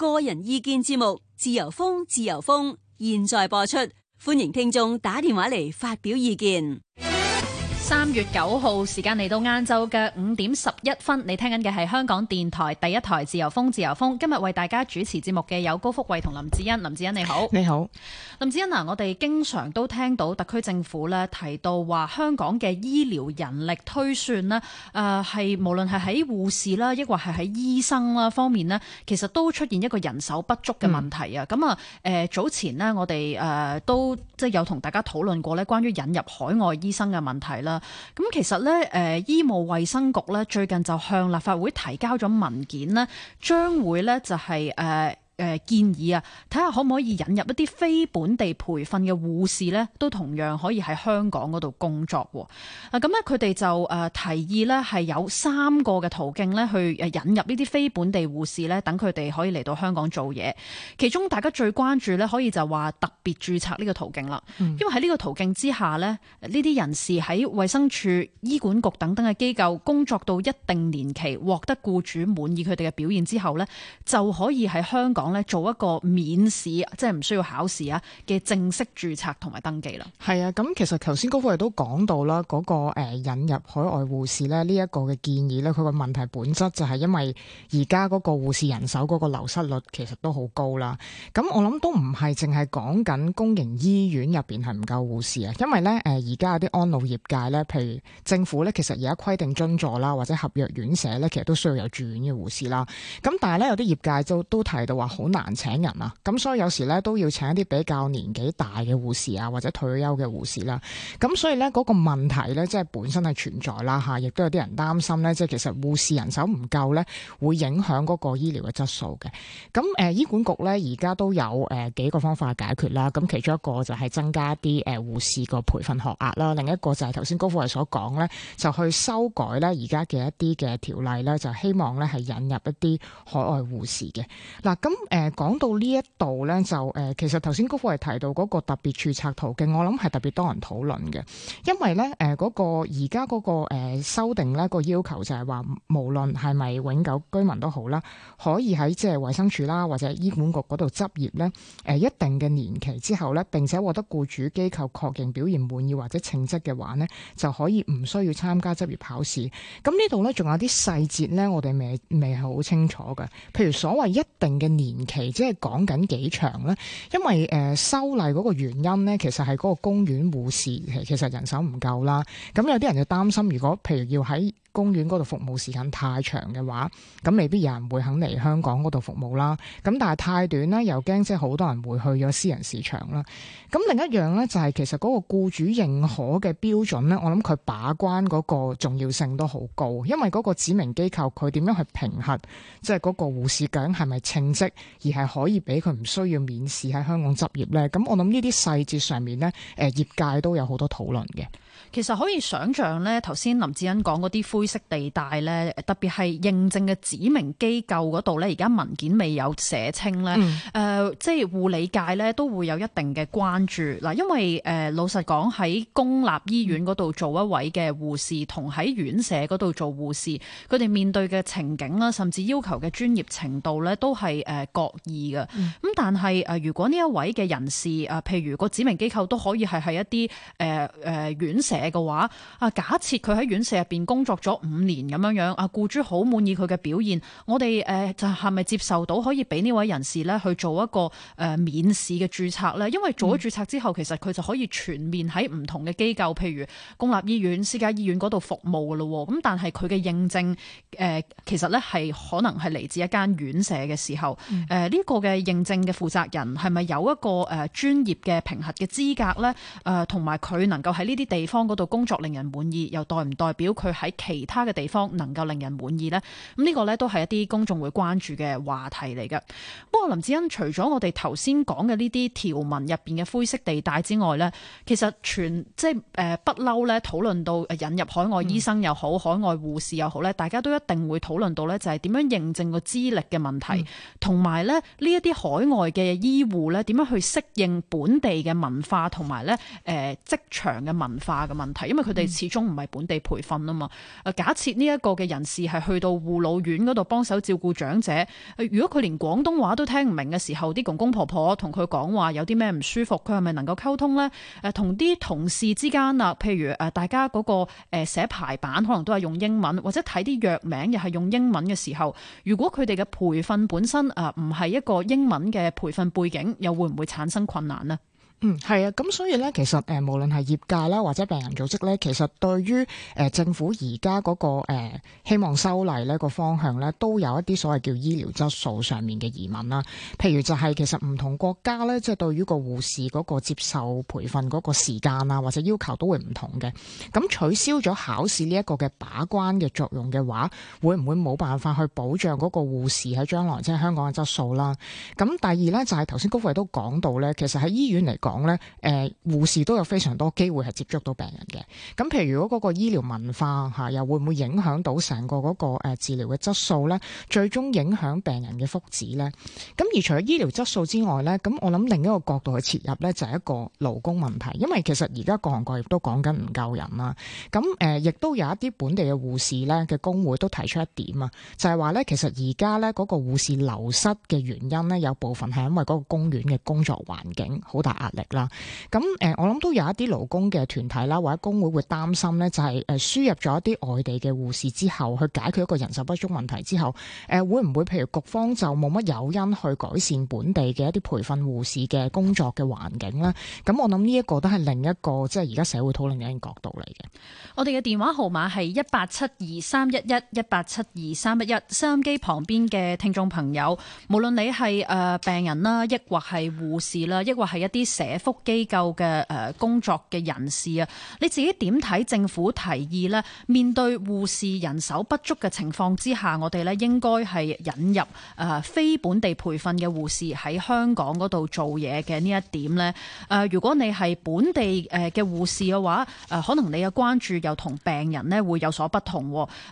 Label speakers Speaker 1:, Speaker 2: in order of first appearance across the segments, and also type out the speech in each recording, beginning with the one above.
Speaker 1: 個人意見節目，自由風，自由風，現在播出，歡迎聽眾打電話嚟發表意見。三月九號，時間嚟到晏晝嘅五點十一分，你聽緊嘅係香港電台第一台自由風，自由風今日為大家主持節目嘅有高福慧同林志恩。林志恩你好。你好。你好林志恩嗱。啊，我哋經常都聽到特區政府咧提到話香港嘅醫療人力推算咧，誒、呃、係無論係喺護士啦，抑或係喺醫生啦方面咧，其實都出現一個人手不足嘅問題啊。咁啊，嗯，誒、呃、早前咧我哋誒、呃、都即係有同大家討論過咧，關於引入海外醫生嘅問題啦。咁其實咧，誒、呃，醫務衛生局咧最近就向立法會提交咗文件呢將會咧就係、是、誒。呃誒、呃、建議啊，睇下可唔可以引入一啲非本地培訓嘅護士呢，都同樣可以喺香港嗰度工作。嗱咁咧，佢哋就誒提議呢，係有三個嘅途徑呢去引入呢啲非本地護士呢，等佢哋可以嚟到香港做嘢。其中大家最關注呢，可以就話特別註冊呢個途徑啦。嗯、因為喺呢個途徑之下呢，呢啲人士喺衛生署、醫管局等等嘅機構工作到一定年期，獲得僱主滿意佢哋嘅表現之後呢，就可以喺香港做一個免試，即係唔需要考試啊嘅正式註冊
Speaker 2: 同埋登記啦。係啊，咁其實頭先嗰個亦都講到啦，嗰、嗰個引入海外護士咧呢一、呢個嘅建議咧，佢個問題本質就係因為而家嗰個護士人手嗰個流失率其實都好高啦。咁我諗都唔係淨係講緊公營醫院入邊係唔夠護士啊，因為咧誒而家有啲安老業界咧，譬如政府咧，其實而家規定津助啦，或者合約院舍咧，其實都需要有住院嘅護士啦。咁但係咧有啲業界就都，都提到話，好難請人啊，咁所以有時咧都要請一啲比較年紀大嘅護士啊，或者退休嘅護士啦、啊。咁所以咧嗰、那個問題咧，即係本身係存在啦、啊、吓，亦都有啲人擔心咧，即係其實護士人手唔夠咧，會影響嗰個醫療嘅質素嘅。咁誒、呃，醫管局咧而家都有誒、呃、幾個方法解決啦。咁其中一個就係增加一啲誒護士個培訓學額啦，另一個就係頭先高富慧所講咧，就去修改咧而家嘅一啲嘅條例咧，就希望咧係引入一啲海外護士嘅。嗱咁。誒講到呢一度咧，就誒、呃、其實頭先高科係提到嗰個特別註冊途徑，我諗係特別多人討論嘅，因為咧誒嗰個而家嗰個、呃、修訂咧個要求就係話，無論係咪永久居民都好啦，可以喺即係衛生署啦或者醫管局嗰度執業咧，誒、呃、一定嘅年期之後咧，並且獲得僱主機構確認表現滿意或者稱職嘅話咧，就可以唔需要參加執業考試。咁呢度咧仲有啲細節咧，我哋未未係好清楚嘅，譬如所謂一定嘅年期即係講緊幾長咧？因為誒修例嗰個原因咧，其實係嗰個公園護士其實人手唔夠啦。咁有啲人就擔心，如果譬如要喺公園嗰度服務時間太長嘅話，咁未必有人會肯嚟香港嗰度服務啦。咁但係太短啦，又驚即係好多人會去咗私人市場啦。咁另一樣呢，就係其實嗰個僱主認可嘅標準呢，我諗佢把關嗰個重要性都好高，因為嗰個指明機構佢點樣去評核，即係嗰個護士長係咪稱職，而係可以俾佢唔需要免試喺香港執業呢。咁我諗呢啲細節上面呢，誒、呃、業界都有好多討論嘅。
Speaker 1: 其實可以想像咧，頭先林志恩講嗰啲灰色地帶咧，特別係認證嘅指明機構嗰度咧，而家文件未有寫清咧，誒、嗯呃，即係護理界咧都會有一定嘅關注嗱。因為誒、呃，老實講喺公立醫院嗰度做一位嘅護士，同喺院舍嗰度做護士，佢哋面對嘅情景啦，甚至要求嘅專業程度咧，都係誒各異嘅。咁但係誒、呃，如果呢一位嘅人士誒、呃，譬如個指明機構都可以係係一啲誒誒院舍，嘅話，啊，假設佢喺院舍入邊工作咗五年咁樣樣，啊，雇主好滿意佢嘅表現，我哋誒就係咪接受到可以俾呢位人士咧去做一個誒、呃、免試嘅註冊咧？因為做咗註冊之後，其實佢就可以全面喺唔同嘅機構，譬如公立醫院、私家醫院嗰度服務噶咯。咁但係佢嘅認證誒、呃，其實咧係可能係嚟自一間院舍嘅時候，誒、呃、呢、這個嘅認證嘅負責人係咪有一個誒專、呃、業嘅評核嘅資格咧？誒、呃，同埋佢能夠喺呢啲地方，嗰度工作令人滿意，又代唔代表佢喺其他嘅地方能夠令人滿意咧？咁呢個咧都係一啲公眾會關注嘅話題嚟嘅。不過林志欣，除咗我哋頭先講嘅呢啲條文入邊嘅灰色地帶之外咧，其實全即係誒不嬲咧討論到引入海外醫生又好，嗯、海外護士又好咧，大家都一定會討論到咧，就係點樣認證個資歷嘅問題，同埋咧呢一啲海外嘅醫護咧點樣去適應本地嘅文化同埋咧誒職場嘅文化咁。問題，因為佢哋始終唔係本地培訓啊嘛。假設呢一個嘅人士係去到護老院嗰度幫手照顧長者，如果佢連廣東話都聽唔明嘅時候，啲公公婆婆同佢講話有啲咩唔舒服，佢係咪能夠溝通呢？誒，同啲同事之間啊，譬如誒，大家嗰個誒寫排版可能都係用英文，或者睇啲藥名又係用英文嘅時候，如果佢哋嘅培訓本身誒唔係一個英文嘅培訓背景，又會唔會產生困難呢？
Speaker 2: 嗯，係啊，咁所以咧，其實誒、呃，無論係業界啦，或者病人組織咧，其實對於誒、呃、政府而家嗰個誒、呃、希望修例呢個方向咧，都有一啲所謂叫醫療質素上面嘅疑問啦。譬如就係、是、其實唔同國家咧，即、就、係、是、對於個護士嗰個接受培訓嗰個時間啊，或者要求都會唔同嘅。咁取消咗考試呢一個嘅把關嘅作用嘅話，會唔會冇辦法去保障嗰個護士喺將來即係、就是、香港嘅質素啦？咁第二咧就係頭先高慧都講到咧，其實喺醫院嚟講。講咧，誒護士都有非常多機會係接觸到病人嘅。咁譬如如果嗰個醫療文化嚇，又會唔會影響到成個嗰個治療嘅質素咧？最終影響病人嘅福祉咧？咁而除咗醫療質素之外咧，咁我諗另一個角度去切入咧，就係一個勞工問題。因為其實而家各行各業都講緊唔夠人啦。咁誒，亦都有一啲本地嘅護士咧嘅工會都提出一點啊，就係話咧，其實而家咧嗰個護士流失嘅原因咧，有部分係因為嗰個公院嘅工作環境好大壓力，啦，咁誒、嗯，我諗都有一啲勞工嘅團體啦，或者工會會擔心呢，就係誒輸入咗一啲外地嘅護士之後，去解決一個人手不足問題之後，誒會唔會譬如局方就冇乜誘因去改善本地嘅一啲培訓護士嘅工作嘅環境呢？咁、嗯、我諗呢一個都係另一個即係而家社會討論嘅一個角度嚟嘅。
Speaker 1: 我哋嘅電話號碼係一八七二三一一一八七二三一一，11，收音機旁邊嘅聽眾朋友，無論你係誒、呃、病人啦，抑或係護士啦，抑或係一啲社社福機構嘅誒工作嘅人士啊，你自己點睇政府提議呢？面對護士人手不足嘅情況之下，我哋呢應該係引入誒非本地培訓嘅護士喺香港嗰度做嘢嘅呢一點呢，誒，如果你係本地誒嘅護士嘅話，誒可能你嘅關注又同病人呢會有所不同。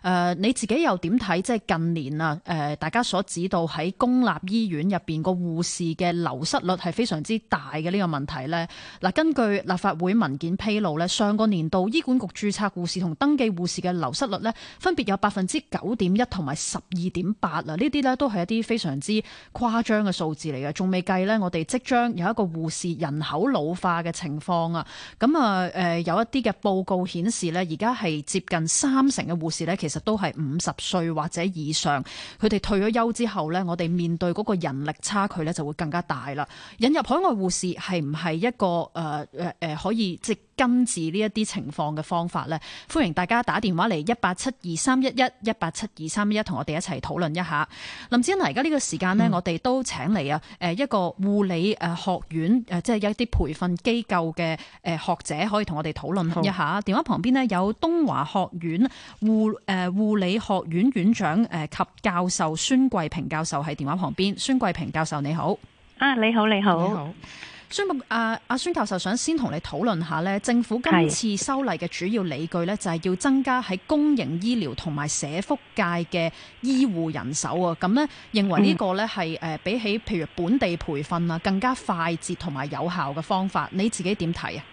Speaker 1: 誒，你自己又點睇？即係近年啊，誒大家所指到喺公立醫院入邊個護士嘅流失率係非常之大嘅呢、這個問題？睇咧嗱，根據立法會文件披露咧，上個年度醫管局注冊護士同登記護士嘅流失率咧，分別有百分之九點一同埋十二點八啊！呢啲咧都係一啲非常之誇張嘅數字嚟嘅，仲未計呢，我哋即將有一個護士人口老化嘅情況啊！咁啊，誒，有一啲嘅報告顯示呢，而家係接近三成嘅護士咧，其實都係五十歲或者以上，佢哋退咗休之後呢，我哋面對嗰個人力差距咧，就會更加大啦！引入海外護士係唔？係一個誒誒誒，可以即係根治呢一啲情況嘅方法咧。歡迎大家打電話嚟一八七二三一一一八七二三一一同我哋一齊討論一下。林子欣，而家呢個時間呢，嗯、我哋都請嚟啊，誒一個護理誒學院誒，即係一啲培訓機構嘅誒學者，可以同我哋討論一下。好電話旁邊呢，有東華學院護誒護理學院院長誒及教授孫桂萍教授喺電話旁邊。孫桂萍教授你好啊，你好你好。你好孫阿、啊啊、孫教授想先同你討論下咧，政府今次修例嘅主要理據咧，就係、係、要增加喺公營醫療同埋社福界嘅醫護人手啊。咁咧認為呢個咧係誒比起譬如本地培訓啊，更加快捷同埋有效嘅方法，你自己點睇啊？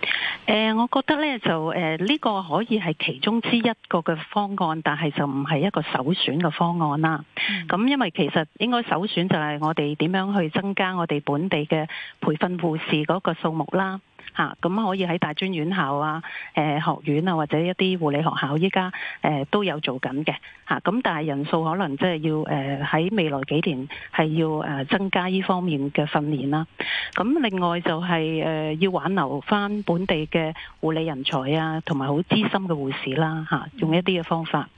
Speaker 3: 誒、呃，我覺得咧就誒，呢、呃這個可以係其中之一個嘅方案，但係就唔係一個首選嘅方案啦。咁、嗯、因為其實應該首選就係我哋點樣去增加我哋本地嘅培訓護士嗰個數目啦。嚇，咁、啊、可以喺大專院校啊、誒、呃、學院啊或者一啲護理學校依家誒都有做緊嘅，嚇、啊，咁但係人數可能即係要誒喺、呃、未來幾年係要誒增加呢方面嘅訓練啦。咁、啊、另外就係、是、誒、呃、要挽留返本地嘅護理人才啊，同埋好資深嘅護士啦，嚇、啊，用一啲嘅方法。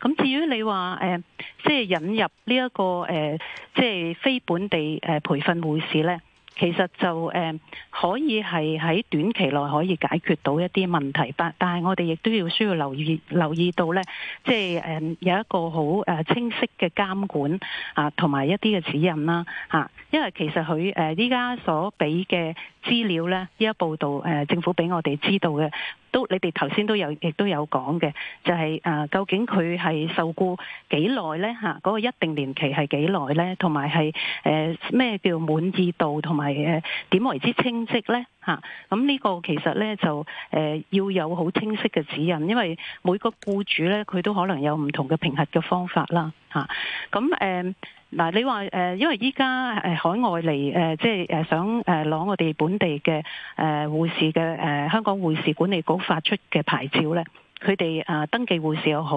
Speaker 3: 咁、啊、至於你話誒，即、呃、係、就是、引入呢、這、一個誒，即、呃、係、就是、非本地誒培訓護士咧？其實就誒可以係喺短期內可以解決到一啲問題，但但係我哋亦都要需要留意留意到呢，即係誒有一個好誒清晰嘅監管啊，同埋一啲嘅指引啦嚇。因為其實佢誒依家所俾嘅資料呢，依一報道誒政府俾我哋知道嘅。都你哋頭先都有亦都有講嘅，就係誒，究竟佢係受僱幾耐呢？嚇，嗰個一定年期係幾耐呢？同埋係誒咩叫滿意度同埋誒點為之清晰呢？嚇，咁呢個其實呢，就誒要有好清晰嘅指引，因為每個僱主呢，佢都可能有唔同嘅評核嘅方法啦。嚇，咁誒。嗯嗱，你話誒，因為依家誒海外嚟誒、呃，即係誒想誒攞我哋本地嘅誒、呃、護士嘅誒、呃、香港護士管理局發出嘅牌照咧，佢哋啊登記護士又好，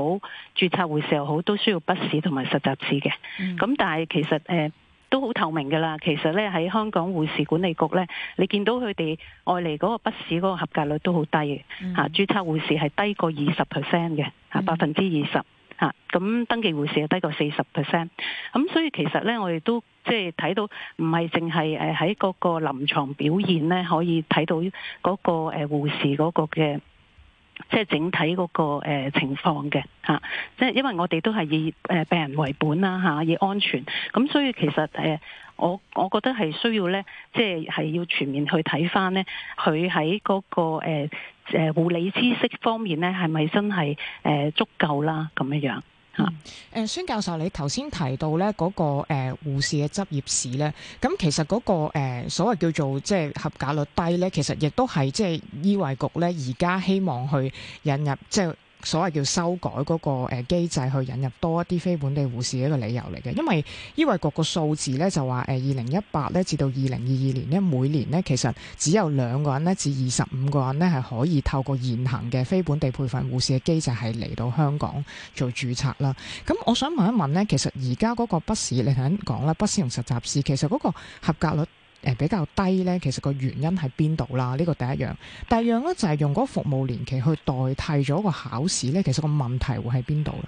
Speaker 3: 註冊護士又好，都需要筆試同埋實習試嘅。咁、嗯、但係其實誒、呃、都好透明㗎啦。其實咧喺香港護士管理局咧，你見到佢哋外嚟嗰個筆試嗰個合格率都好低嘅嚇，嗯、註冊護士係低過二十 percent 嘅嚇，百分之二十。啊，咁、嗯、登記護士又低過四十 percent，咁所以其實咧，我哋都即係睇到唔係淨係誒喺嗰個臨床表現咧，可以睇到嗰、那個誒護、呃、士嗰個嘅即係整體嗰、那個誒、呃、情況嘅吓，即、啊、係因為我哋都係以誒、呃、病人為本啦吓、啊，以安全，咁、嗯、所以其實誒、呃、我我覺得係需要咧，即係係要全面去睇翻咧，佢喺嗰個誒。呃誒護理知識方面咧，係咪真係誒足夠啦？咁樣樣
Speaker 2: 嚇。誒，孫教授，你頭先提到咧、那、嗰個誒、呃、護士嘅執業試咧，咁其實嗰、那個、呃、所謂叫做即係合格率低咧，其實亦都係即係醫衞局咧而家希望去引入即係。就是所謂叫修改嗰個誒機制，去引入多一啲非本地護士嘅一個理由嚟嘅，因為醫衞局個數字咧就話誒二零一八咧至到二零二二年呢，每年呢，其實只有兩個人呢至二十五個人呢，係可以透過現行嘅非本地培訓護士嘅機制係嚟到香港做註冊啦。咁我想問一問呢，其實而家嗰個筆試，你頭先講啦，筆試同實習試其實嗰個合格率？誒比較低呢，其實個原因係邊度啦？呢、這個第一樣，第二樣呢，就係用嗰服務年期去代替咗個考試呢，其實個問題會喺邊
Speaker 4: 度咧？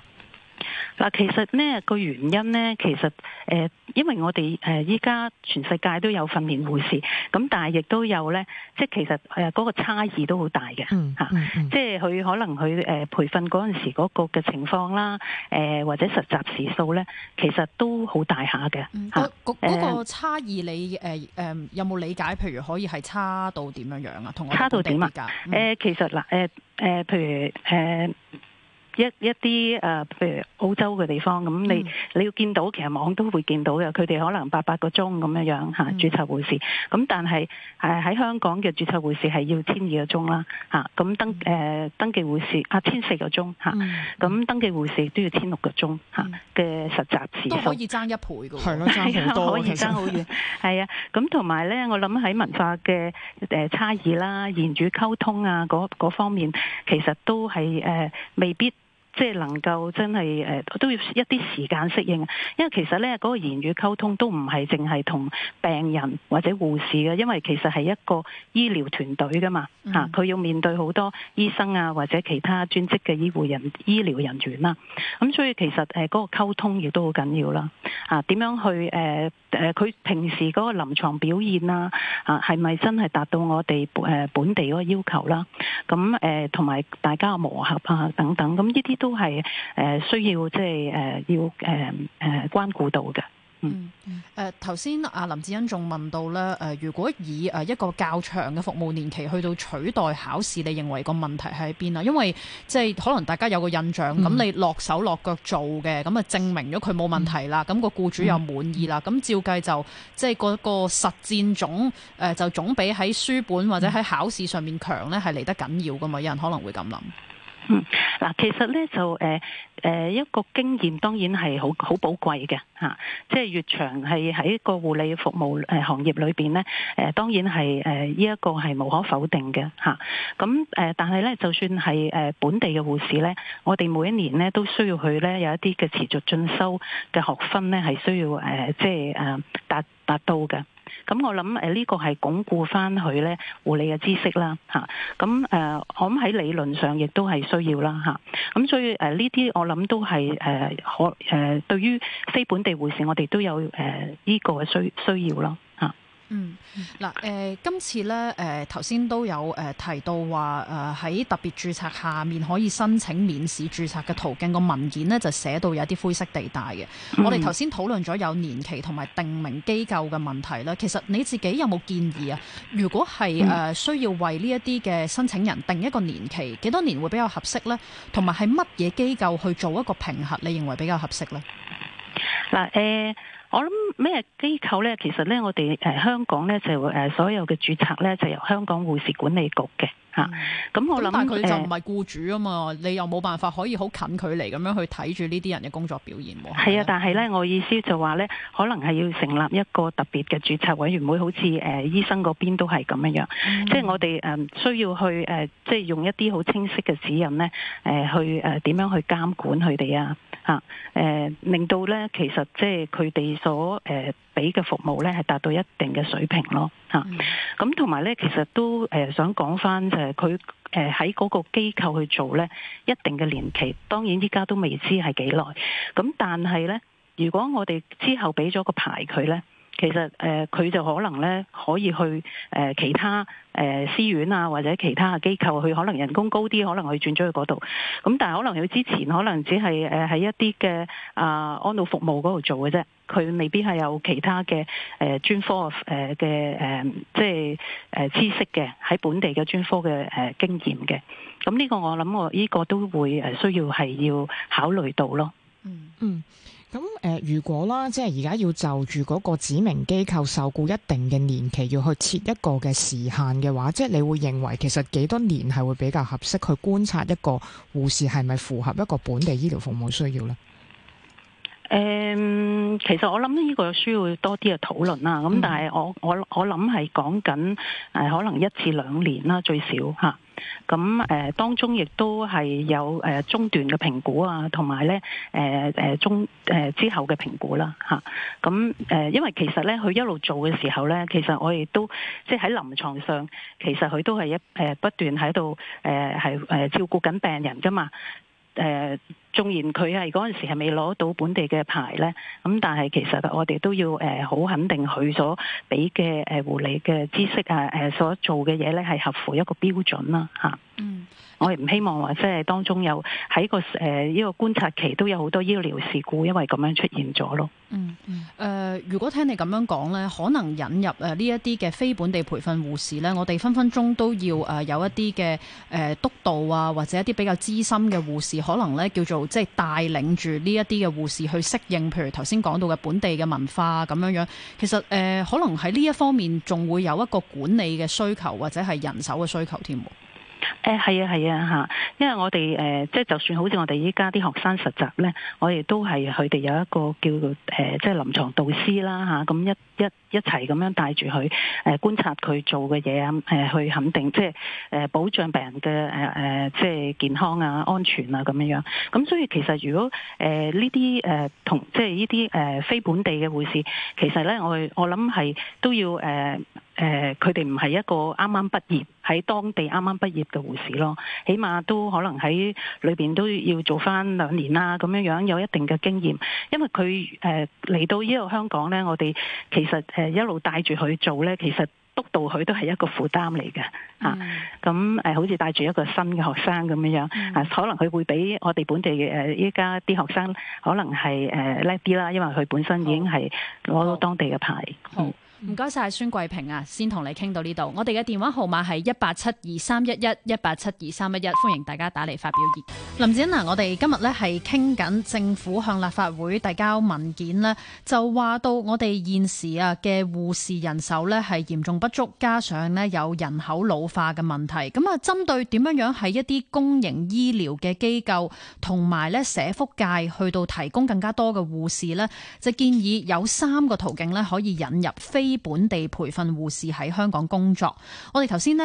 Speaker 3: 嗱，其實呢個原因呢，其實誒、呃，因為我哋誒依家全世界都有訓練護士，咁但係亦都有呢，即係其實誒嗰個差異都好大嘅嚇，嗯嗯嗯、即係佢可能佢誒培訓嗰陣時嗰個嘅情況啦，誒、呃、或者實習時數呢，其實都好大下嘅嚇。嗰、嗯啊嗰個
Speaker 1: 差異你誒誒、呃呃、有冇理解？譬如可以係差到點樣樣啊？同我講，差到點啊？誒、嗯
Speaker 3: 呃，其實嗱，誒、呃、誒、呃，譬如誒。呃呃呃呃一一啲誒，譬、呃、如澳洲嘅地方，咁你、嗯、你要見到，其實網都會見到嘅。佢哋可能八百個鐘咁樣樣嚇註冊護士，咁但係誒喺香港嘅註冊護士係要千二個鐘啦嚇，咁、啊、登誒、呃、登記護士啊千四個鐘嚇，咁、啊嗯、登記護士都要千六個鐘嚇嘅實習時。都可以
Speaker 1: 爭一倍嘅喎，係啦的，其實 可以爭
Speaker 3: 好遠，係啊。 咁同埋咧，我諗喺文化嘅誒差異啦、言語溝通啊嗰方面，其實都係誒、呃、未必。即係能夠真係誒、呃、都要一啲時間適應，因為其實咧嗰、嗰個言語溝通都唔係淨係同病人或者護士嘅，因為其實係一個醫療團隊㗎嘛，嚇、啊、佢要面對好多醫生啊或者其他專職嘅醫護人醫療人員啦、啊，咁、啊、所以其實誒嗰、呃嗰個溝通亦都好緊要啦，嚇、啊、點樣去誒，呃誒，佢平時嗰個臨床表現啊，啊，係咪真係達到我哋誒本地嗰個要求啦？咁誒，同埋大家磨合啊，等等，咁呢啲都係誒需要即係誒要誒誒關顧到嘅。嗯誒，
Speaker 1: 頭先阿林志恩仲問到咧誒、呃，如果以誒一個較長嘅服務年期去到取代考試，你認為個問題喺邊啊？因為即係可能大家有個印象，咁、嗯、你落手落腳做嘅咁啊，就證明咗佢冇問題啦。咁、嗯、個僱主又滿意啦。咁照計就即係個個實戰總誒、呃、就總比喺書本或者喺考試上
Speaker 3: 面強咧，係嚟得緊要噶嘛？有人可能會咁諗。嗯，嗱，其實咧就誒誒、呃呃、一個經驗、啊呃，當然係好好寶貴嘅吓，即係越長係喺一個護理服務誒行業裏邊咧，誒當然係誒呢一個係無可否定嘅吓。咁、啊、誒，但係咧就算係誒、呃、本地嘅護士咧，我哋每一年咧都需要去咧有一啲嘅持續進修嘅學分咧係需要誒、呃、即係誒達達到嘅。咁我諗誒呢個係鞏固返佢咧護理嘅知識啦吓，咁誒我諗喺理論上亦都係需要啦吓，咁所以誒呢啲我諗都係誒、呃、可誒、呃、對於非本地護士我哋都有誒呢、呃這個嘅需需要咯吓。
Speaker 1: 嗯，嗱，誒，今次咧，誒、呃，頭先都有誒、呃、提到話，誒、呃，喺特別註冊下面可以申請免試註冊嘅途徑個文件咧，就寫到有啲灰色地帶嘅。嗯、我哋頭先討論咗有年期同埋定名機構嘅問題啦，其實你自己有冇建議啊？如果係誒、呃、需要為呢一啲嘅申請人定一個年期，幾多年會比較合適咧？同埋係乜嘢機構去做
Speaker 3: 一個評核？你認為比較合適咧？嗱、呃，誒、呃。我諗咩機構呢？其實呢，我哋誒香港呢，就誒所有嘅注冊呢，就由香港護士管理局嘅吓。咁、嗯、我諗佢就唔係
Speaker 1: 僱主啊嘛，呃、你又冇辦法可以好近距離咁樣去睇住呢啲人嘅工作表現。
Speaker 3: 係啊，但係呢，嗯、我意思就話、是、呢，可能係要成立一個特別嘅註冊委員會，好似誒、呃、醫生嗰邊都係咁樣樣。嗯、即係我哋誒需要去誒、呃，即係用一啲好清晰嘅指引呢，誒去誒點樣去監管佢哋啊？啊，誒令到咧，其實即係佢哋所誒俾嘅服務咧，係達到一定嘅水平咯。嚇、啊，咁同埋咧，其實都誒、呃、想講翻誒就係佢誒喺嗰個機構去做咧一定嘅年期，當然依家都未知係幾耐。咁但係咧，如果我哋之後俾咗個牌佢咧。其實，誒、呃、佢就可能咧，可以去誒、呃、其他誒、呃、私院啊，或者其他嘅機構，去，可能人工高啲，可能去轉咗去嗰度。咁但係可能佢之前可能只係誒喺一啲嘅啊安老服務嗰度做嘅啫，佢未必係有其他嘅誒、呃、專科嘅誒、呃，即係誒、呃、知識嘅喺本地嘅專科嘅誒、呃、經驗嘅。咁、嗯、呢、呢個我諗我呢個都會誒需要係要考慮到咯。嗯嗯。
Speaker 2: 咁誒、嗯，如果啦，即係而家要就住嗰個指明機構受雇一定嘅年期，要去設一個嘅時限嘅話，即係你會認為其實幾多年係會比較合適去觀察一個護士係咪符合一個本地醫療服務需要咧？
Speaker 3: 誒、嗯，其實我諗呢個需要多啲嘅討論啦。咁但係我我我諗係講緊誒，可能一至兩年啦，最少吓。咁誒，當中亦都係有誒中段嘅評估啊，同埋咧誒誒中誒之後嘅評估啦嚇。咁誒，因為其實咧，佢一路做嘅時候咧，其實我亦都即係喺臨床上，其實佢都係一誒不斷喺度誒係誒照顧緊病人㗎嘛誒。縱然佢係嗰陣時係未攞到本地嘅牌呢。咁但係其實我哋都要誒好肯定佢所俾嘅誒護理嘅知識啊誒所做嘅嘢呢係合乎一個標準啦嚇。嗯、我亦唔希望話即係當中有喺個誒呢、呃、個觀察期都有好多醫療事故，因為咁樣出現咗咯、嗯。嗯
Speaker 1: 誒、呃，如果聽你咁樣講呢，可能引入誒呢一啲嘅非本地培訓護士呢，我哋分分鐘都要誒有一啲嘅誒督導啊，或者一啲比較資深嘅護士，可能呢叫做。即係帶領住呢一啲嘅護士去適應，譬如頭先講到嘅本地嘅文化咁樣樣。其實誒、呃，可能喺呢一方面仲會有一個管理嘅需求，或者係人手嘅需求添。
Speaker 3: 誒，係啊係啊嚇，因為我哋誒，即係就算好似我哋依家啲學生實習咧，我哋都係佢哋有一個叫做誒即係臨床導師啦嚇，咁一一一齊咁樣帶住佢誒觀察佢做嘅嘢啊，誒去肯定即係誒保障病人嘅誒誒即係健康啊、安全啊咁樣樣。咁所以其實如果誒呢啲誒同即係呢啲誒非本地嘅護士，其實咧我我諗係都要誒。Viol 誒，佢哋唔係一個啱啱畢業喺當地啱啱畢業嘅護士咯，起碼都可能喺裏邊都要做翻兩年啦，咁樣樣有一定嘅經驗。因為佢誒嚟到呢度香港咧，我哋其實誒一路帶住佢做咧，其實督導佢都係一個負擔嚟嘅、嗯、啊。咁誒，好似帶住一個新嘅學生咁樣樣，可能佢會比我哋本地嘅誒依家啲學生可能係誒叻啲啦，因為佢本身已經係攞到當地嘅牌。好嗯
Speaker 1: 唔該晒孫桂萍啊，先同你傾到呢度。我哋嘅電話號碼係一八七二三一一一八七二三一一，歡迎大家打嚟發表意見。林展啊，我哋今日咧係傾緊政府向立法會遞交文件呢，就話到我哋現時啊嘅護士人手呢係嚴重不足，加上呢有人口老化嘅問題。咁啊，針對點樣樣喺一啲公營醫療嘅機構同埋呢社福界去到提供更加多嘅護士呢，就建議有三個途徑呢可以引入非本地培訓護士喺香港工作，我哋頭先呢。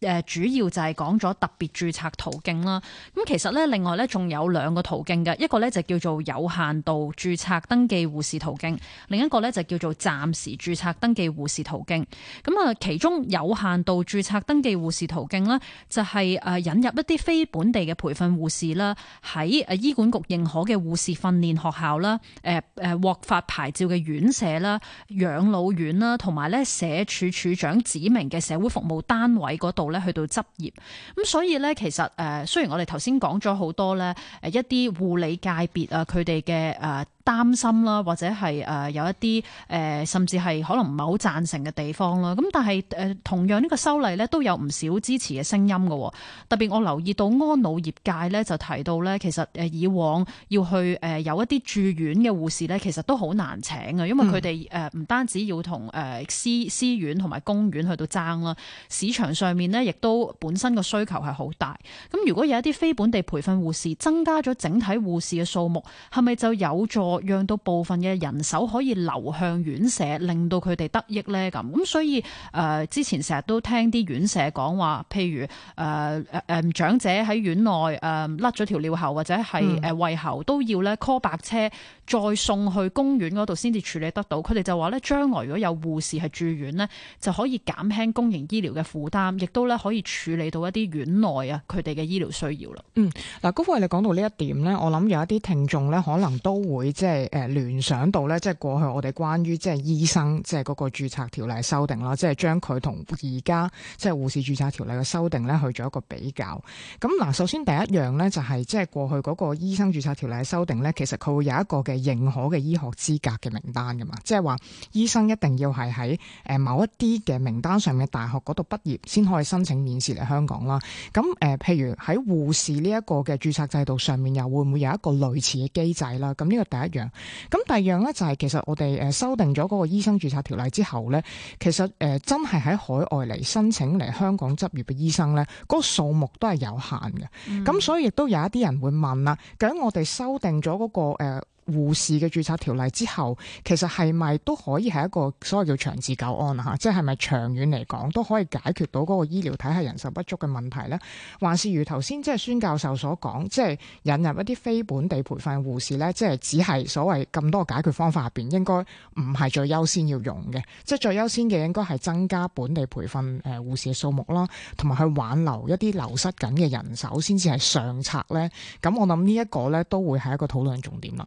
Speaker 1: 誒主要就係講咗特別註冊途徑啦。咁其實呢，另外呢，仲有兩個途徑嘅，一個呢，就叫做有限度註冊登記護士途徑，另一個呢，就叫做暫時註冊登記護士途徑。咁啊，其中有限度註冊登記護士途徑咧，就係誒引入一啲非本地嘅培訓護士啦，喺醫管局認可嘅護士訓練學校啦、誒誒獲發牌照嘅院舍啦、養老院啦，同埋呢社署署長指明嘅社會服務單位嗰度。咧去到執業咁，所以咧其實誒、呃，雖然我哋頭先講咗好多咧誒、呃、一啲護理界別啊，佢哋嘅誒擔心啦，或者係誒有一啲誒，甚至係可能唔係好贊成嘅地方咯。咁但係誒、呃，同樣呢個修例咧都有唔少支持嘅聲音嘅，特別我留意到安老業界咧就提到咧，其實誒以往要去誒、呃、有一啲住院嘅護士咧，其實都好難請嘅，因為佢哋誒唔單止要同誒、呃、私私院同埋公院去到爭啦，市場上面咧。亦都本身嘅需求係好大。咁如果有一啲非本地培訓護士增加咗整體護士嘅數目，係咪就有助讓到部分嘅人手可以流向院舍，令到佢哋得益咧？咁咁所以誒、呃、之前成日都聽啲院舍講話，譬如誒誒誒長者喺院內誒甩咗條尿喉或者係誒胃喉，嗯、都要咧 call 白車，再送去公院嗰度先至處理得到。佢哋就話咧，將來如果有護士係住院咧，就可以減輕公營醫療嘅負擔亦都。咧可以處理到一啲院內啊，佢哋嘅醫療需要啦。嗯，
Speaker 2: 嗱，婉慧你講到呢一點咧，我諗有一啲聽眾咧，可能都會即係誒聯想到咧，即係過去我哋關於即係醫生即係嗰個註冊條例修訂啦，即係將佢同而家即係護士註冊條例嘅修訂咧去做一個比較。咁嗱，首先第一樣咧，就係即係過去嗰個醫生註冊條例修訂咧，其實佢會有一個嘅認可嘅醫學資格嘅名單㗎嘛，即係話醫生一定要係喺誒某一啲嘅名單上面大學嗰度畢業先可以申請免試嚟香港啦，咁誒、呃，譬如喺護士呢一個嘅註冊制度上面，又會唔會有一個類似嘅機制啦？咁呢個第一樣，咁第二樣咧就係、是、其實我哋誒修訂咗嗰個醫生註冊條例之後咧，其實誒、呃、真係喺海外嚟申請嚟香港執業嘅醫生咧，嗰、那個數目都係有限嘅，咁、嗯、所以亦都有一啲人會問啦，咁究竟我哋修訂咗嗰個誒。呃護士嘅註冊條例之後，其實係咪都可以係一個所謂叫長治久安啊？即係咪長遠嚟講都可以解決到嗰個醫療體系人手不足嘅問題呢？還是如頭先即係孫教授所講，即係引入一啲非本地培訓護士呢？即係只係所謂咁多解決方法入邊，應該唔係最優先要用嘅。即係最優先嘅應該係增加本地培訓誒、呃、護士嘅數目啦，同埋去挽留一啲流失緊嘅人手先至係上策呢。咁我諗呢一個呢，都會係一個討論重點啦。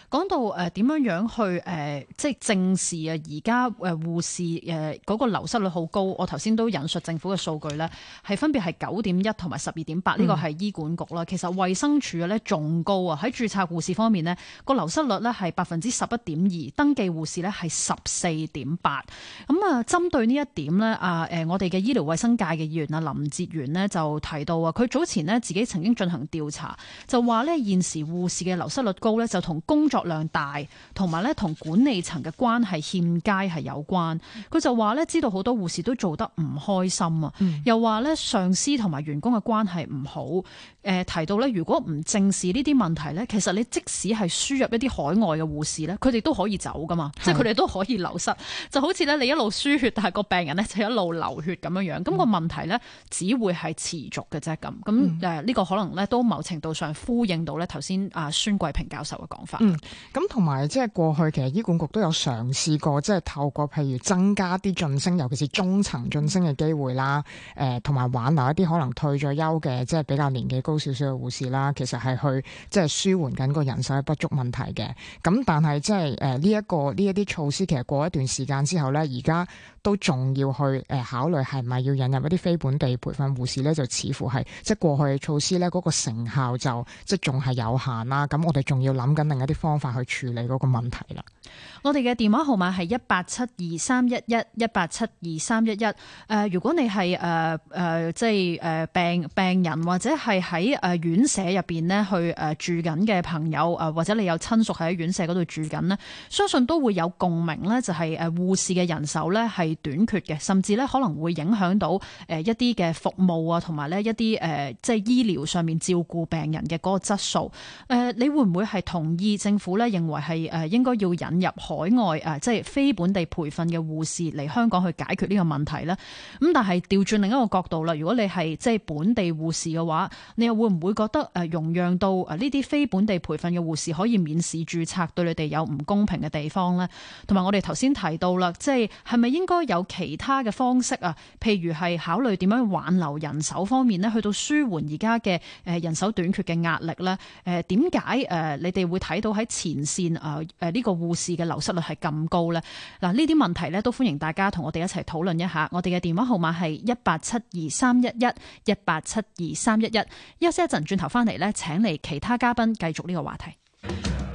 Speaker 1: 講到誒點樣樣去誒，即係正視啊！而家誒護士誒嗰個流失率好高。我頭先都引述政府嘅數據咧，係分別係九點一同埋十二點八。呢個係醫管局啦，其實衞生署咧仲高啊！喺註冊護士方面呢，個流失率呢係百分之十一點二，登記護士呢係十四點八。咁啊，針對呢一點呢，啊誒，我哋嘅醫療衛生界嘅議員啊林哲玄呢就提到啊，佢早前呢自己曾經進行調查，就話呢現時護士嘅流失率高呢，就同工作量大，同埋咧同管理層嘅關係欠佳係有關。佢就話咧，知道好多護士都做得唔開心啊。嗯、又話咧，上司同埋員工嘅關係唔好。誒、呃，提到咧，如果唔正視呢啲問題咧，其實你即使係輸入一啲海外嘅護士咧，佢哋都可以走噶嘛，是即係佢哋都可以流失。就好似咧，你一路輸血，但係個病人咧就一路流血咁樣樣，咁、嗯、個問題咧只會係持續嘅啫。咁咁誒，呢個可能咧都某程度上呼應到咧頭先阿孫桂萍教授嘅講法。嗯
Speaker 2: 咁同埋即係過去其實醫管局都有嘗試過，即係透過譬如增加啲晉升，尤其是中層晉升嘅機會啦，誒、呃，同埋挽留一啲可能退咗休嘅，即、就、係、是、比較年紀高少少嘅護士啦，其實係去即係舒緩緊個人手嘅不足問題嘅。咁但係即係誒呢一個呢一啲措施，其實過一段時間之後咧，而家，都仲要去誒考慮，係咪要引入一啲非本地培訓護士咧？就似乎係即係過去嘅措施咧，嗰個成效就即係仲係有限啦。咁我哋仲要諗緊另一啲方法去處理嗰個問題啦。
Speaker 1: 我哋嘅電話號碼係一八七二三一一一八七二三一一。誒，如果你係誒誒即係誒病病人或者係喺誒院舍入邊咧去誒住緊嘅朋友誒，或者你有親屬喺院舍嗰度住緊呢，相信都會有共鳴咧，就係誒護士嘅人手咧係。短缺嘅，甚至咧，可能會影響到誒一啲嘅服務啊，同埋咧一啲誒、呃、即係醫療上面照顧病人嘅嗰個質素。誒、呃，你會唔會係同意政府咧認為係誒、呃、應該要引入海外誒、呃、即係非本地培訓嘅護士嚟香港去解決呢個問題咧？咁、嗯、但係調轉另一個角度啦，如果你係即係本地護士嘅話，你又會唔會覺得誒、呃、容讓到誒呢啲非本地培訓嘅護士可以免試註冊，對你哋有唔公平嘅地方咧？同埋我哋頭先提到啦，即係係咪應該？有其他嘅方式啊，譬如係考慮點樣挽留人手方面咧，去到舒緩而家嘅誒人手短缺嘅壓力咧。誒、呃，點解誒你哋會睇到喺前線誒誒呢個護士嘅流失率係咁高咧？嗱，呢啲問題咧都歡迎大家同我哋一齊討論一下。我哋嘅電話號碼係一八七二三一一一八七二三一一。休息一陣，轉頭翻嚟咧，請嚟其他嘉賓繼續呢個話題。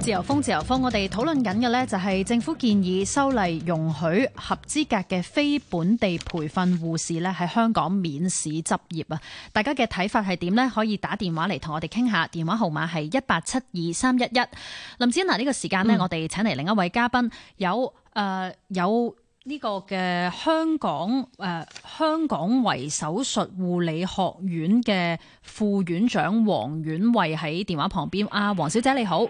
Speaker 1: 自由風，自由風。我哋討論緊嘅呢就係政府建議修例容許合資格嘅非本地培訓護士呢喺香港免試執業啊。大家嘅睇法係點呢？可以打電話嚟同我哋傾下。電話號碼係一八七二三一一。林子娜呢、呢個時間呢，我哋請嚟另一位嘉賓，有誒、呃、有呢個嘅香港誒、呃、香港圍手術護理學院嘅副院長黃婉慧喺電話旁邊啊。黃小姐你好。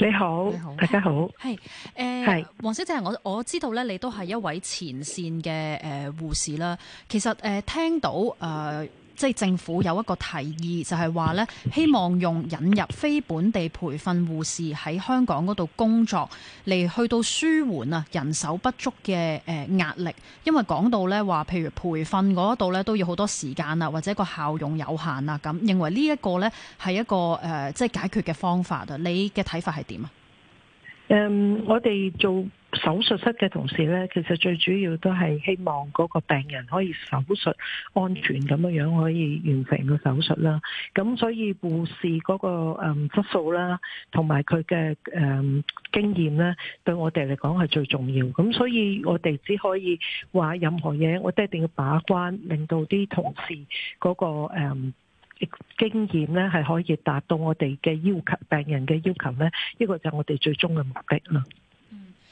Speaker 1: 你好，你好，大家好，係，誒，呃、係黃小姐，我我知道咧，你都係一位前線嘅誒護士啦。其實誒、呃，聽到誒。呃即係政府有一個提議，就係話呢，希望用引入非本地培訓護士喺香港嗰度工作，嚟去到舒緩啊人手不足嘅誒壓力。因為講到呢話，譬如培訓嗰度呢都要好多時間啊，或者個效用有限啊，咁認為呢一個呢係一個誒即係解決嘅方法啊。你嘅睇法係點啊？
Speaker 5: 誒，um, 我哋做手術室嘅同事呢，其實最主要都係希望嗰個病人可以手術安全咁嘅樣可以完成個手術啦。咁所以護士嗰、那個誒質、嗯、素啦，同埋佢嘅誒經驗呢，對我哋嚟講係最重要。咁所以我哋只可以話任何嘢，我都一定要把關，令到啲同事嗰、那個、嗯經驗咧，係可以達到我哋嘅要求，病人嘅要求咧，呢個就我哋最終嘅目的啦。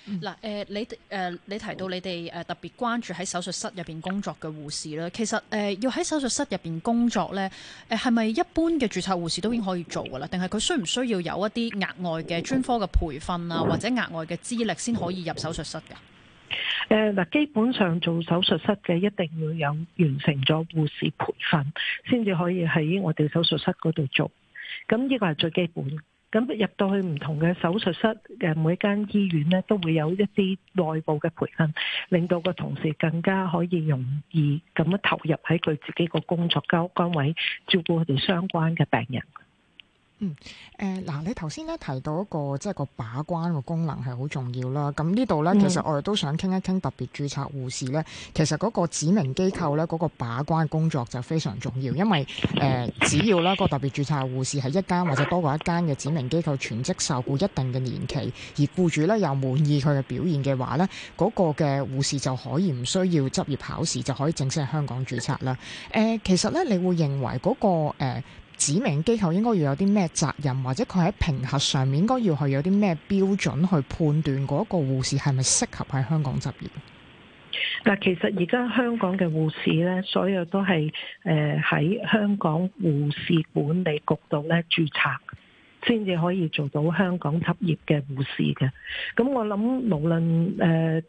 Speaker 5: 嗯，
Speaker 1: 嗱，誒，你誒、呃，你提到你哋誒特別關注喺手術室入邊工作嘅護士啦，其實誒、呃、要喺手術室入邊工作咧，誒係咪一般嘅注冊護士都已經可以做噶啦？定係佢需唔需要有一啲額外嘅專科嘅培訓啊，或者額外嘅資歷先可以入手術室嘅？誒，
Speaker 5: 嗱，基本上做手術室嘅，一定要有完成咗護士培訓，先至可以喺我哋手術室嗰度做。咁呢個係最基本。咁入到去唔同嘅手術室，誒，每一間醫院呢都會有一啲內部嘅培訓，令到個同事更加可以容易咁樣投入喺佢自己個工作交崗位，照顧佢哋相關嘅病人。
Speaker 2: 嗯，誒，嗱，你頭先咧提到一個即係個把關嘅功能係好重要啦。咁呢度、嗯、呢，其實我哋都想傾一傾特別註冊護士呢，其實嗰個指名機構呢，嗰個把關工作就非常重要，因為誒、呃，只要咧個特別註冊護士喺一間或者多過一間嘅指名機構全職受僱一定嘅年期，而僱主呢，又滿意佢嘅表現嘅話呢，嗰、嗰個嘅護士就可以唔需要執業考試就可以正式喺香港註冊啦。誒、呃，其實呢，你會認為嗰、嗰個誒？呃指明機構應該要有啲咩責任，或者佢喺評核上面應該要係有啲咩標準去判斷嗰個護士係咪適合喺香港執業？
Speaker 5: 嗱，其實而家香港嘅護士呢，所有都係誒喺香港護士管理局度呢註冊，先至可以做到香港執業嘅護士嘅。咁我諗無論誒，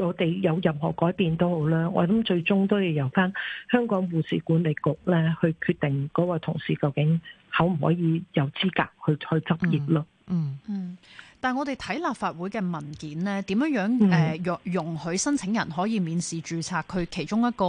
Speaker 5: 我哋有任何改變都好啦，我諗最終都要由翻香港護士管理局咧去決定嗰個同事究竟可唔可以有資格去去執業咯。嗯。
Speaker 2: 嗯。嗯。
Speaker 1: 但係我哋睇立法會嘅文件咧，點樣樣誒容容許申請人可以免試註冊，佢其中一個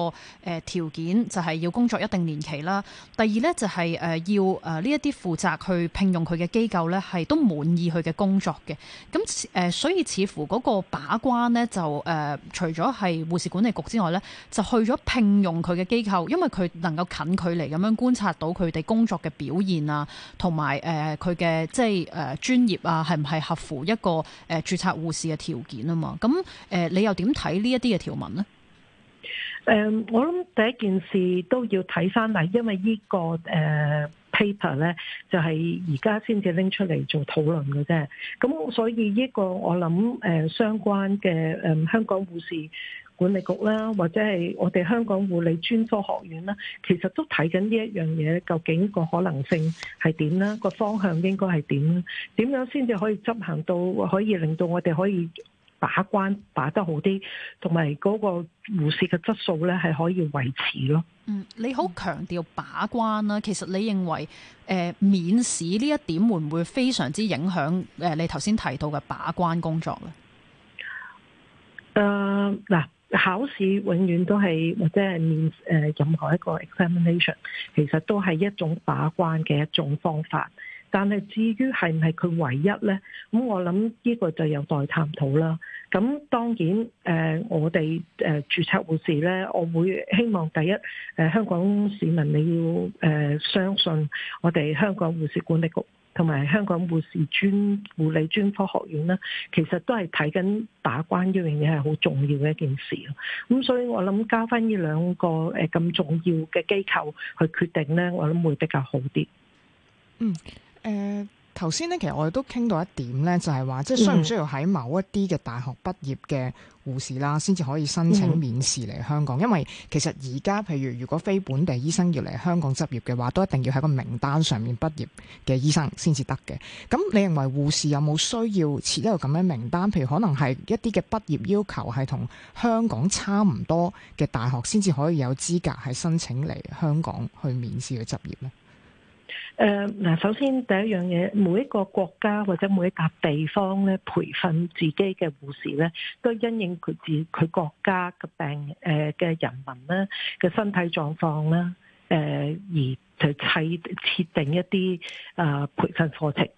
Speaker 1: 誒條、呃、件就係要工作一定年期啦。第二咧就係、是、誒要誒呢一啲負責去聘用佢嘅機構咧，係都滿意佢嘅工作嘅。咁誒、呃、所以似乎嗰個把關咧，就誒、呃、除咗係護士管理局之外咧，就去咗聘用佢嘅機構，因為佢能夠近距離咁樣觀察到佢哋工作嘅表現啊，同埋誒佢嘅即係誒專業啊，係唔係合法？符一個誒註冊護士嘅條件啊嘛，咁誒你又點睇呢一啲嘅條文呢？誒、嗯，我諗第一件事都要睇翻
Speaker 5: 嚟，因為、呢個呃、呢個誒 paper 咧就係而家先至拎出嚟做討論嘅啫，咁、嗯、所以呢、呢個我諗誒、呃、相關嘅誒、呃、香港護士。管理局啦，或者係我哋香港護理專科學院啦，其實都睇緊呢一樣嘢，究竟個可能性係點咧？個方向應該係點咧？點樣先至可以執行到，可以令到我哋可以把關把得好啲，同埋嗰個護士嘅質素咧係可以維持咯。嗯，
Speaker 1: 你好強調把關啦，啊，其實你認為誒免試呢一點會唔會非常之影響誒、呃、你頭先提到嘅把關工作咧？
Speaker 5: 誒，嗱。考試永遠都係或者係面、誒任何一個 examination，其實都係一種把關嘅一種方法。但係至於係唔係佢唯一呢？咁我諗呢個就有待探討啦。咁當然誒，我哋誒註冊護士呢，我會希望第一誒香港市民你要誒相信我哋香港護士管理局。同埋香港護士專護理專科學院呢，其實都係睇緊把關呢樣嘢係好重要嘅一件事。咁所以我諗交翻呢兩個誒咁、呃、重要嘅機構去決定呢，我諗會比較好啲。嗯，uh
Speaker 2: 頭先咧，其實我哋都傾到一點咧，就係話，即係需唔需要喺某一啲嘅大學畢業嘅護士啦，先至可以申請免試嚟香港。因為其實而家，譬如如果非本地醫生要嚟香港執業嘅話，都一定要喺個名單上面畢業嘅醫生先至得嘅。咁你認為護士有冇需要設一個咁樣名單？譬如可能係一啲嘅畢業要求係同香港差唔多嘅大學，先至可以有資格係申請嚟香港去免試去執業呢？
Speaker 5: 誒嗱、呃，首先第一樣嘢，每一個國家或者每一個地方咧，培訓自己嘅護士咧，都因應佢自佢國家嘅病誒嘅、呃、人民咧嘅身體狀況啦，誒、呃、而就砌設定一啲啊、呃、培訓課程。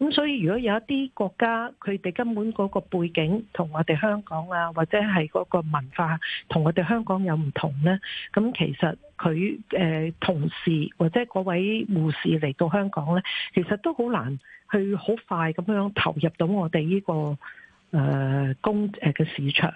Speaker 5: 咁、嗯、所以如果有一啲國家，佢哋根本嗰個背景同我哋香港啊，或者係嗰個文化同我哋香港有唔同呢，咁其實佢誒、呃、同事或者嗰位護士嚟到香港呢，其實都好難去好快咁樣投入到我哋呢、呢個誒公誒嘅市場。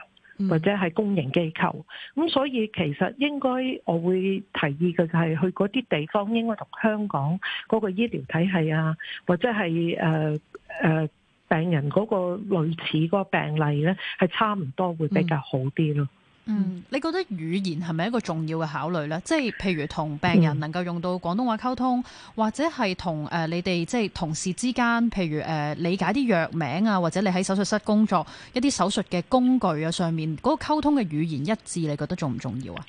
Speaker 5: 或者係公營機構，咁所以其實應該，我會提議嘅就係去嗰啲地方，應該同香港嗰個醫療體系啊，或者係誒誒病人嗰個類似嗰個病例咧，係差唔多會比較
Speaker 3: 好啲咯。
Speaker 1: 嗯，你覺得語言係咪一個重要嘅考慮呢？即係譬如同病人能夠用到廣東話溝通，嗯、或者係同誒你哋即係同事之間，譬如誒、呃、理解啲藥名啊，或者你喺手術室工作一啲手術嘅工具啊上面嗰、嗰個溝通嘅語言一致，你覺得重唔重要啊？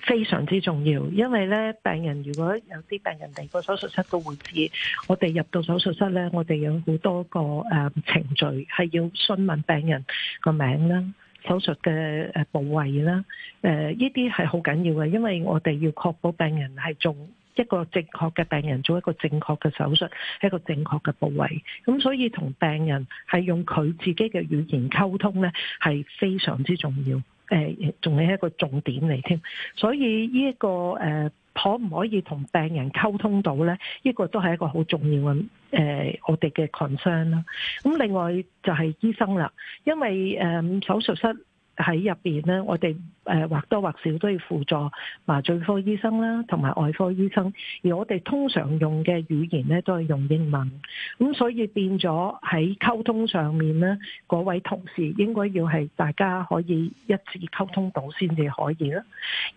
Speaker 1: 非常之重要，因為呢
Speaker 5: 病人如果有啲病人嚟過手術室都會知，我哋入到手術室呢，我哋有好多個誒、呃、程序係要詢問病人個名啦。手術嘅誒部位啦，誒呢啲係好緊要嘅，因為我哋要確保病人係做一個正確嘅病人，做一個正確嘅手術，一個正確嘅部位。咁、嗯、所以同病人係用佢自己嘅語言溝通呢，係非常之重要，誒仲係一個重點嚟添。所以呢、這、一個誒。呃可唔可以同病人溝通到呢？呢、呢個都係一個好重要嘅，誒、呃、我哋嘅 concern 啦。咁另外就係醫生啦，因為誒、呃、手術室。喺入邊咧，我哋誒或多或少都要輔助麻醉科醫生啦，同埋外科醫生。而我哋通常用嘅語言咧，都係用英文。咁所以變咗喺溝通上面咧，嗰位同事應該要係大家可以一致溝通到先至可以啦。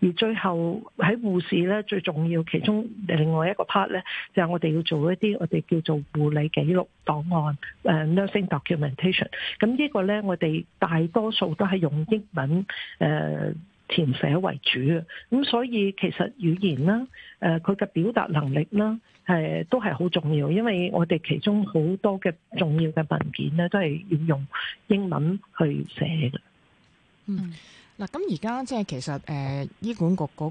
Speaker 5: 而最後喺護士咧，最重要其中另外一個 part 咧，就係我哋要做一啲我哋叫做護理記錄。檔案誒、uh，nursing documentation，咁呢個咧，我哋大多數都係用英文誒、uh, 填寫為主，咁所以其實語言啦，誒佢嘅表達能力啦，誒、uh, 都係好重要，因為我哋其中好多嘅重要嘅文件咧，都係要用英文去寫嘅。嗯。
Speaker 2: 嗱，咁而家即係其實誒、呃、醫管局嗰、那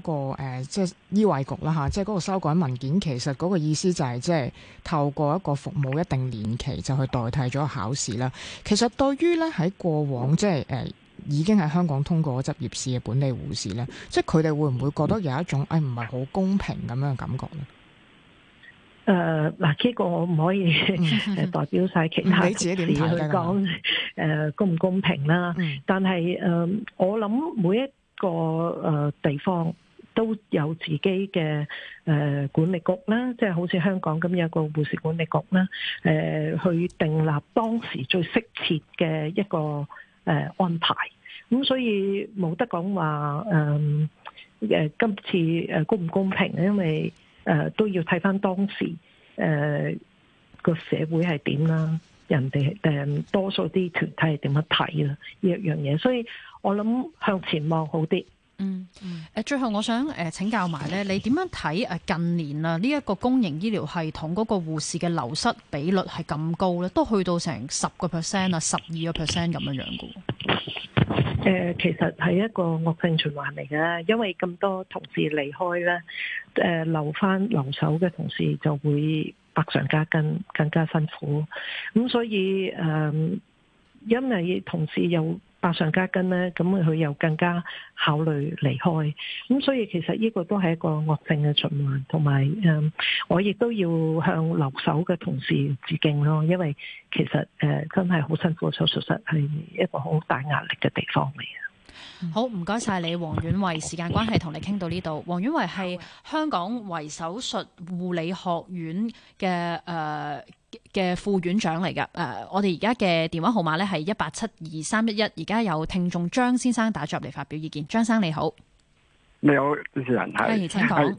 Speaker 2: 個即係醫衞局啦嚇，即係嗰、啊、個修改文件其實嗰個意思就係即係透過一個服務一定年期就去代替咗考試啦。其實對於咧喺過往即係誒、呃、已經喺香港通過執業試嘅本地護士咧，即係佢哋會唔會覺得有一種誒唔係好公平咁樣嘅感覺呢？
Speaker 5: 誒嗱，呢個我唔可以誒代表晒其他同事去講誒公唔公平啦。但係誒，我諗每一個誒地方都有自己嘅誒管理局啦，即係好似香港咁有個護士管理局啦，誒去訂立當時最適切嘅一個誒安排。咁所以冇得講話誒誒，今次誒公唔公平，因為。誒、呃、都要睇翻當時誒個、呃、社會係點啦，人哋誒多數啲團體係點樣睇啦呢一樣嘢，所以我諗向前望好啲、
Speaker 1: 嗯。嗯誒，最後我想誒請教埋咧，你點樣睇誒近年啊呢一個公營醫療系統嗰個護士嘅流失比率係咁高咧，都去到成十個 percent 啊，十二個 percent 咁樣樣嘅喎。誒、呃、其實係一個惡性循環
Speaker 5: 嚟嘅，因為咁多同事離開啦，誒、呃、留翻留守嘅同事就會百上加斤，更加辛苦。咁所以誒、呃，因為同事又。上加根咧，咁佢又更加考慮離開，咁所以其實呢個都係一個惡性嘅循環，同埋誒，我亦都要向留守嘅同事致敬咯，因為其實誒、呃、真係好辛苦，手術室係一個好大壓力嘅地方嚟。
Speaker 1: 嗯、好，唔該晒你，黃婉慧。時間關係，同你傾到呢度。黃婉慧係香港圍手術護理學院嘅、誒嘅副院長嚟㗎。誒、呃，我哋而家嘅電話號碼咧係一八七二三一一。而家有聽眾張先生打咗入嚟發表意見。張生你好。
Speaker 4: 你好主持人，歡迎請講。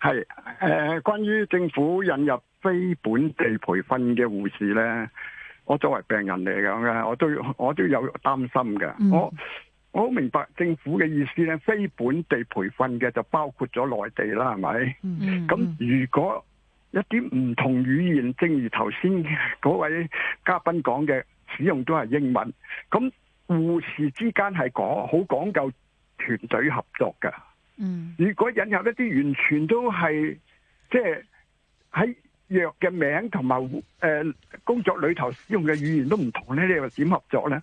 Speaker 4: 係誒、呃，關於政府引入非本地培訓嘅護士咧，我作為病人嚟講嘅，我都我都有擔心嘅。嗯、我我好明白政府嘅意思咧，非本地培訓嘅就包括咗內地啦，係咪？咁、嗯、如果一啲唔同語言，嗯、正如頭先嗰位嘉賓講嘅，使用都係英文，咁護士之間係講好講究團隊合作噶。嗯，如果引入一啲完全都係即係喺藥嘅名同埋誒工作裏頭使用嘅語言都唔同咧，你又點合作咧？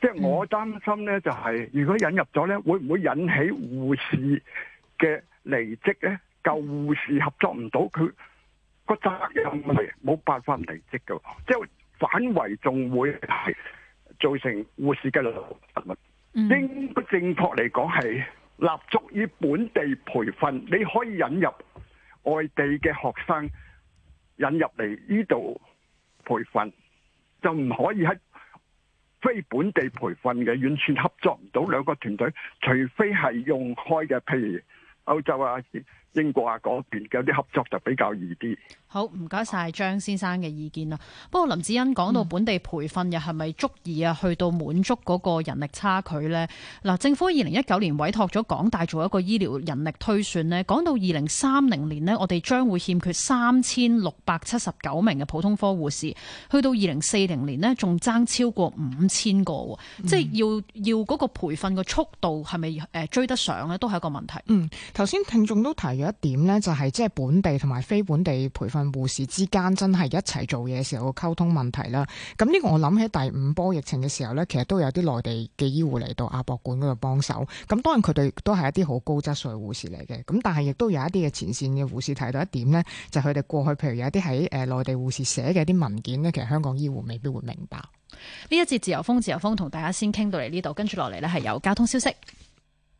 Speaker 4: 即係我擔心咧、就是，就係如果引入咗咧，會唔會引起護士嘅離職咧？舊護士合作唔到，佢個責任係冇辦法唔離職噶即係反為仲會係造成護士嘅流失。應該正確嚟講係立足於本地培訓，你可以引入外地嘅學生引入嚟呢度培訓，就唔可以喺。非本地培訓嘅，完全合作唔到兩個團隊，除非係用開嘅，譬如歐洲啊。英國啊嗰邊有啲合作就比較易啲。
Speaker 1: 好，唔該晒張先生嘅意見啦。嗯、不過林子欣講到本地培訓又係咪足以啊？去到滿足嗰個人力差距呢？嗱，政府二零一九年委託咗港大做一個醫療人力推算呢，講到二零三零年呢，我哋將會欠缺三千六百七十九名嘅普通科護士，去到二零四零年呢，仲爭超過五千個喎。嗯、即係要要嗰個培訓個速
Speaker 2: 度係咪誒追得上呢？都係一個問題。嗯，頭先聽眾都提一點呢，就係即係本地同埋非本地培訓護士之間真係一齊做嘢時候嘅溝通問題啦。咁呢個我諗起第五波疫情嘅時候呢，其實都有啲內地嘅醫護嚟到亞博館嗰度幫手。咁當然佢哋都係一啲好高質素嘅護士嚟嘅。咁但係亦都有一啲嘅前線嘅護士提到一點呢，就係佢哋過去譬如有一啲喺誒內地護士寫嘅一啲文件呢，其實香港醫護
Speaker 4: 未必會明白。
Speaker 1: 呢一節自由風自由風同大家先傾到嚟呢度，跟住落嚟呢，係有交通消息。